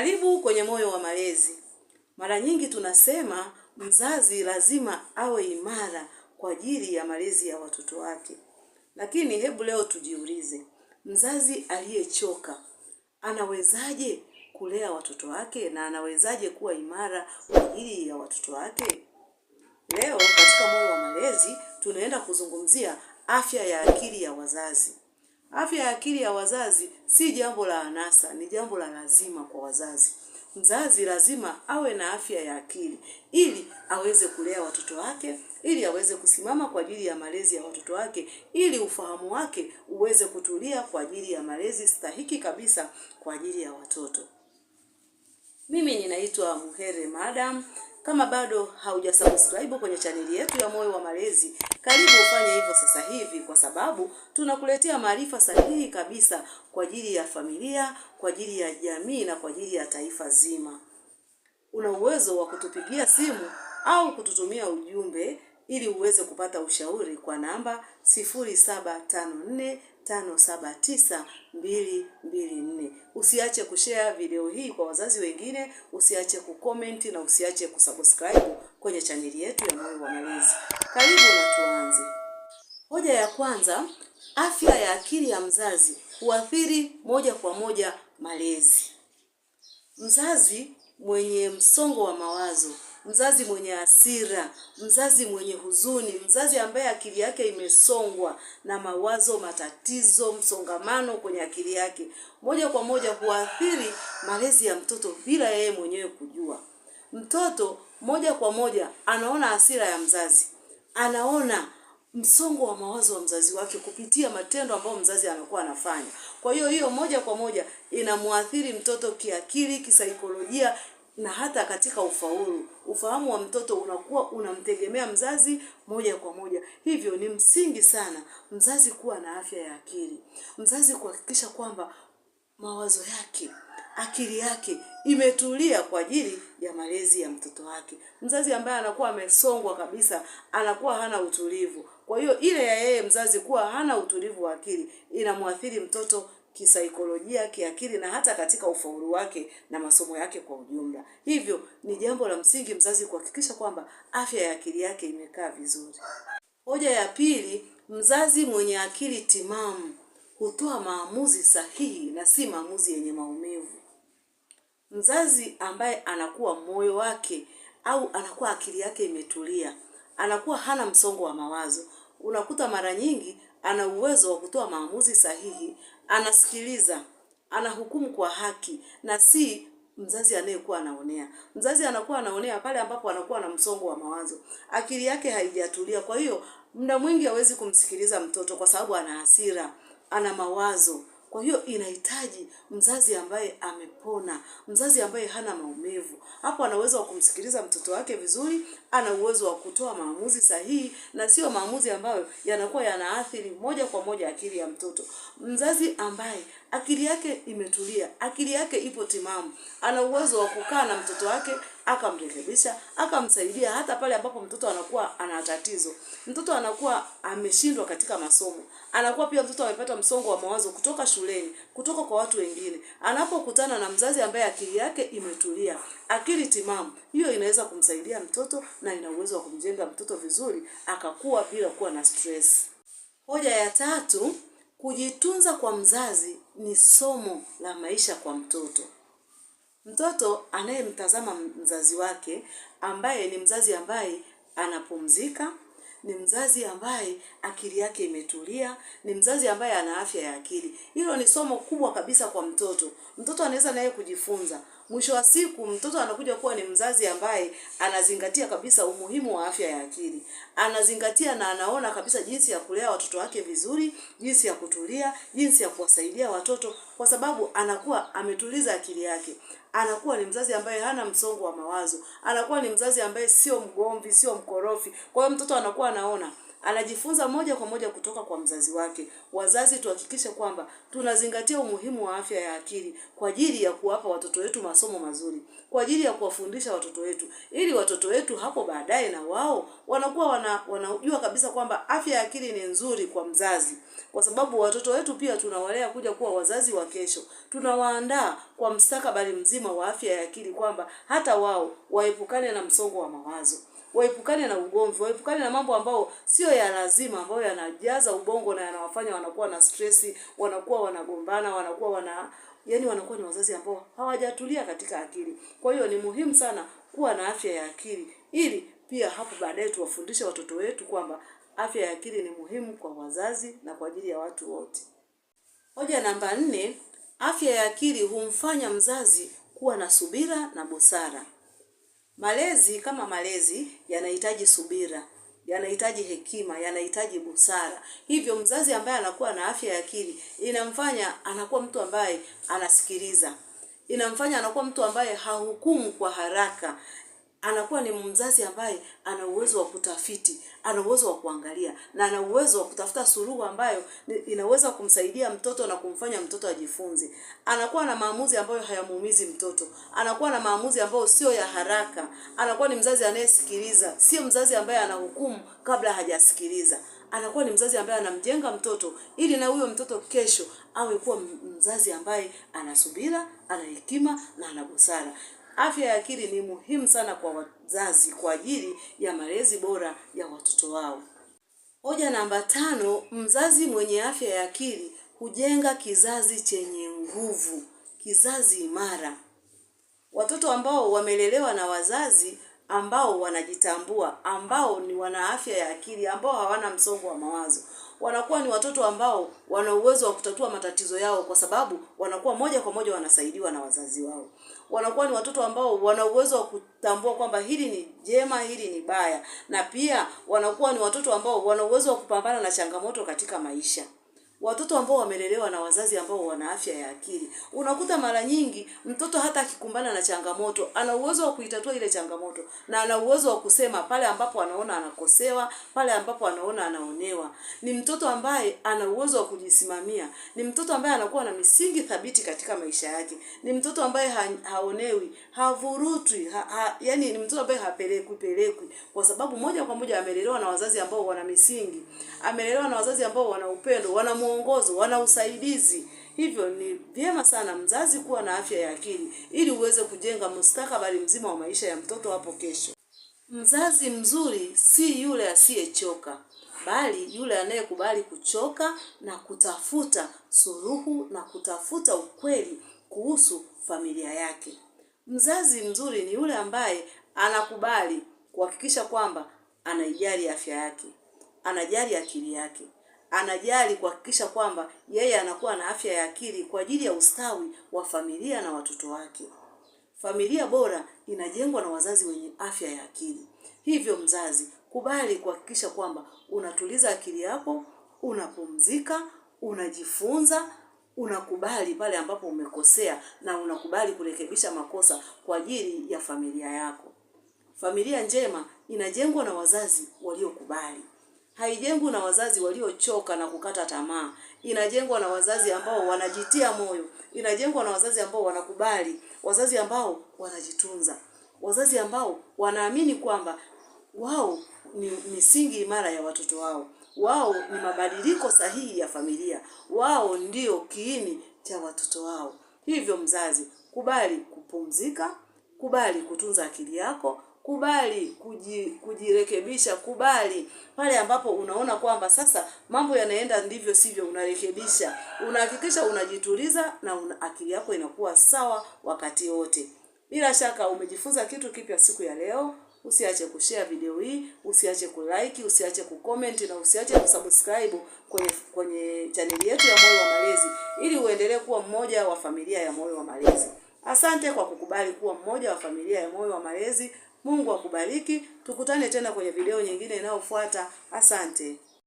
Karibu kwenye Moyo wa Malezi. Mara nyingi tunasema mzazi lazima awe imara kwa ajili ya malezi ya watoto wake, lakini hebu leo tujiulize, mzazi aliyechoka anawezaje kulea watoto wake na anawezaje kuwa imara kwa ajili ya watoto wake? Leo katika Moyo wa Malezi tunaenda kuzungumzia afya ya akili ya wazazi. Afya ya akili ya wazazi si jambo la anasa, ni jambo la lazima kwa wazazi. Mzazi lazima awe na afya ya akili ili aweze kulea watoto wake, ili aweze kusimama kwa ajili ya malezi ya watoto wake, ili ufahamu wake uweze kutulia kwa ajili ya malezi stahiki kabisa kwa ajili ya watoto. Mimi ninaitwa Muhere Madam. Kama bado haujasubscribe kwenye chaneli yetu ya Moyo wa Malezi, karibu ufanye hivyo sasa hivi, kwa sababu tunakuletea maarifa sahihi kabisa kwa ajili ya familia, kwa ajili ya jamii na kwa ajili ya taifa zima. Una uwezo wa kutupigia simu au kututumia ujumbe ili uweze kupata ushauri kwa namba 0754 5792224. Usiache kushare video hii kwa wazazi wengine, usiache kukomenti na usiache kusubscribe kwenye chaneli yetu ya Moyo wa Malezi. Karibu na tuanze. Hoja ya kwanza, afya ya akili ya mzazi huathiri moja kwa moja malezi. Mzazi mwenye msongo wa mawazo mzazi mwenye hasira, mzazi mwenye huzuni, mzazi ambaye akili yake imesongwa na mawazo, matatizo, msongamano kwenye akili yake, moja kwa moja huathiri malezi ya mtoto bila yeye mwenyewe kujua. Mtoto moja kwa moja anaona hasira ya mzazi, anaona msongo wa mawazo wa mzazi wake kupitia matendo ambayo mzazi amekuwa anafanya. Kwa hiyo hiyo moja kwa moja inamwathiri mtoto kiakili, kisaikolojia, na hata katika ufaulu. Ufahamu wa mtoto unakuwa unamtegemea mzazi moja kwa moja, hivyo ni msingi sana mzazi kuwa na afya ya akili, mzazi kuhakikisha kwamba mawazo yake akili yake imetulia kwa ajili ya malezi ya mtoto wake. Mzazi ambaye anakuwa amesongwa kabisa anakuwa hana utulivu. Kwa hiyo ile ya yeye mzazi kuwa hana utulivu wa akili inamwathiri mtoto kisaikolojia, kiakili na hata katika ufaulu wake na masomo yake kwa ujumla. Hivyo ni jambo la msingi mzazi kuhakikisha kwamba afya ya akili yake imekaa vizuri. Hoja ya pili, mzazi mwenye akili timamu hutoa maamuzi sahihi na si maamuzi yenye maumivu. Mzazi ambaye anakuwa moyo wake au anakuwa akili yake imetulia, anakuwa hana msongo wa mawazo. Unakuta mara nyingi ana uwezo wa kutoa maamuzi sahihi, anasikiliza, anahukumu kwa haki na si mzazi anayekuwa anaonea. Mzazi anakuwa anaonea pale ambapo anakuwa na msongo wa mawazo, akili yake haijatulia. Kwa hiyo muda mwingi hawezi kumsikiliza mtoto kwa sababu ana hasira, ana mawazo. Kwa hiyo inahitaji mzazi ambaye amepona, mzazi ambaye hana maumivu. Hapo ana uwezo wa kumsikiliza mtoto wake vizuri, ana uwezo wa kutoa maamuzi sahihi na sio maamuzi ambayo yanakuwa yanaathiri moja kwa moja akili ya mtoto. Mzazi ambaye akili yake imetulia, akili yake ipo timamu, ana uwezo wa kukaa na mtoto wake akamrekebisha, akamsaidia hata pale ambapo mtoto anakuwa ana tatizo, mtoto anakuwa ameshindwa katika masomo, anakuwa pia mtoto amepata msongo wa mawazo kutoka shuleni, kutoka kwa watu wengine. Anapokutana na mzazi ambaye akili yake imetulia, akili timamu, hiyo inaweza kumsaidia mtoto na ina uwezo wa kumjenga mtoto vizuri, akakuwa bila kuwa na stress. Hoja ya tatu Kujitunza kwa mzazi ni somo la maisha kwa mtoto. Mtoto anayemtazama mzazi wake ambaye ni mzazi ambaye anapumzika, ni mzazi ambaye akili yake imetulia, ni mzazi ambaye ana afya ya akili. Hilo ni somo kubwa kabisa kwa mtoto. Mtoto anaweza naye kujifunza mwisho wa siku mtoto anakuja kuwa ni mzazi ambaye anazingatia kabisa umuhimu wa afya ya akili, anazingatia na anaona kabisa jinsi ya kulea watoto wake vizuri, jinsi ya kutulia, jinsi ya kuwasaidia watoto, kwa sababu anakuwa ametuliza akili yake. Anakuwa ni mzazi ambaye hana msongo wa mawazo, anakuwa ni mzazi ambaye sio mgomvi, sio mkorofi. Kwa hiyo mtoto anakuwa anaona anajifunza moja kwa moja kutoka kwa mzazi wake. Wazazi, tuhakikishe kwamba tunazingatia umuhimu wa afya ya akili kwa ajili ya kuwapa watoto wetu masomo mazuri, kwa ajili ya kuwafundisha watoto wetu, ili watoto wetu hapo baadaye na wao wanakuwa wana, wanajua kabisa kwamba afya ya akili ni nzuri kwa mzazi, kwa sababu watoto wetu pia tunawalea kuja kuwa wazazi wa kesho, tunawaandaa kwa mstakabali mzima wa afya ya akili, kwamba hata wao waepukane na msongo wa mawazo waepukane na ugomvi, waepukane na mambo ambayo sio ya lazima, ambayo yanajaza ubongo na yanawafanya wanakuwa na stresi, wanakuwa wanagombana, wanakuwa wana yani, wanakuwa ni wazazi ambao hawajatulia katika akili. Kwa hiyo ni muhimu sana kuwa na afya ya akili ili pia hapo baadaye tuwafundishe watoto wetu kwamba afya ya akili ni muhimu kwa wazazi na kwa ajili ya watu wote. Hoja namba nne, afya ya akili humfanya mzazi kuwa na subira na busara. Malezi kama malezi yanahitaji subira, yanahitaji hekima, yanahitaji busara. Hivyo mzazi ambaye anakuwa na afya ya akili inamfanya anakuwa mtu ambaye anasikiliza, inamfanya anakuwa mtu ambaye hahukumu kwa haraka, anakuwa ni mzazi ambaye ana uwezo wa kutafiti, ana uwezo wa kuangalia na ana uwezo wa kutafuta suluhu ambayo inaweza kumsaidia mtoto na kumfanya mtoto ajifunze. Anakuwa na maamuzi ambayo hayamuumizi mtoto, anakuwa na maamuzi ambayo sio ya haraka, anakuwa ni mzazi anayesikiliza, sio mzazi ambaye anahukumu kabla hajasikiliza. Anakuwa ni mzazi ambaye anamjenga mtoto ili na huyo mtoto kesho awe kuwa mzazi ambaye ana subira, ana hekima na ana busara. Afya ya akili ni muhimu sana kwa wazazi kwa ajili ya malezi bora ya watoto wao. Hoja namba tano, mzazi mwenye afya ya akili hujenga kizazi chenye nguvu, kizazi imara. Watoto ambao wamelelewa na wazazi ambao wanajitambua, ambao ni wana afya ya akili, ambao hawana msongo wa mawazo wanakuwa ni watoto ambao wana uwezo wa kutatua matatizo yao, kwa sababu wanakuwa moja kwa moja wanasaidiwa na wazazi wao. Wanakuwa ni watoto ambao wana uwezo wa kutambua kwamba hili ni jema, hili ni baya, na pia wanakuwa ni watoto ambao wana uwezo wa kupambana na changamoto katika maisha watoto ambao wamelelewa na wazazi ambao wana afya ya akili, unakuta mara nyingi mtoto hata akikumbana na changamoto ana uwezo wa kuitatua ile changamoto, na ana uwezo wa kusema pale ambapo anaona anakosewa, pale ambapo anaona anaonewa. Ni mtoto ambaye ana uwezo wa kujisimamia, ni mtoto ambaye anakuwa na misingi thabiti katika maisha yake, ni mtoto ambaye ha haonewi, havurutwi ha ha, yani ni mtoto ambaye hapelekwi pelekwi, kwa sababu moja kwa moja amelelewa na wazazi ambao wana misingi, amelelewa na wazazi ambao wana upendo, wana mwongozo, wala usaidizi. Hivyo ni vyema sana mzazi kuwa na afya ya akili ili uweze kujenga mustakabali mzima wa maisha ya mtoto hapo kesho. Mzazi mzuri si yule asiyechoka, bali yule anayekubali kuchoka na kutafuta suluhu na kutafuta ukweli kuhusu familia yake. Mzazi mzuri ni yule ambaye anakubali kuhakikisha kwamba anaijali afya yake, anajali akili yake anajali kuhakikisha kwamba yeye anakuwa na afya ya akili kwa ajili ya ustawi wa familia na watoto wake. Familia bora inajengwa na wazazi wenye afya ya akili. Hivyo mzazi, kubali kuhakikisha kwamba unatuliza akili yako, unapumzika, unajifunza, unakubali pale ambapo umekosea na unakubali kurekebisha makosa kwa ajili ya familia yako. Familia njema inajengwa na wazazi waliokubali haijengwi na wazazi waliochoka na kukata tamaa, inajengwa na wazazi ambao wanajitia moyo, inajengwa na wazazi ambao wanakubali, wazazi ambao wanajitunza, wazazi ambao wanaamini kwamba wao ni misingi imara ya watoto wao, wao ni mabadiliko sahihi ya familia, wao ndio kiini cha watoto wao. Hivyo mzazi, kubali kupumzika, kubali kutunza akili yako, kubali kujirekebisha, kubali pale ambapo unaona kwamba sasa mambo yanaenda ndivyo sivyo, unarekebisha, unahakikisha unajituliza na una, akili yako inakuwa sawa wakati wote. Bila shaka umejifunza kitu kipya siku ya leo. Usiache kushare video hii, usiache kulike, usiache kucomment na usiache kusubscribe kwenye kwenye chaneli yetu ya Moyo wa Malezi ili uendelee kuwa mmoja wa familia ya Moyo wa Malezi. Asante kwa kukubali kuwa mmoja wa familia ya Moyo wa Malezi. Mungu akubariki, tukutane tena kwenye video nyingine inayofuata. Asante.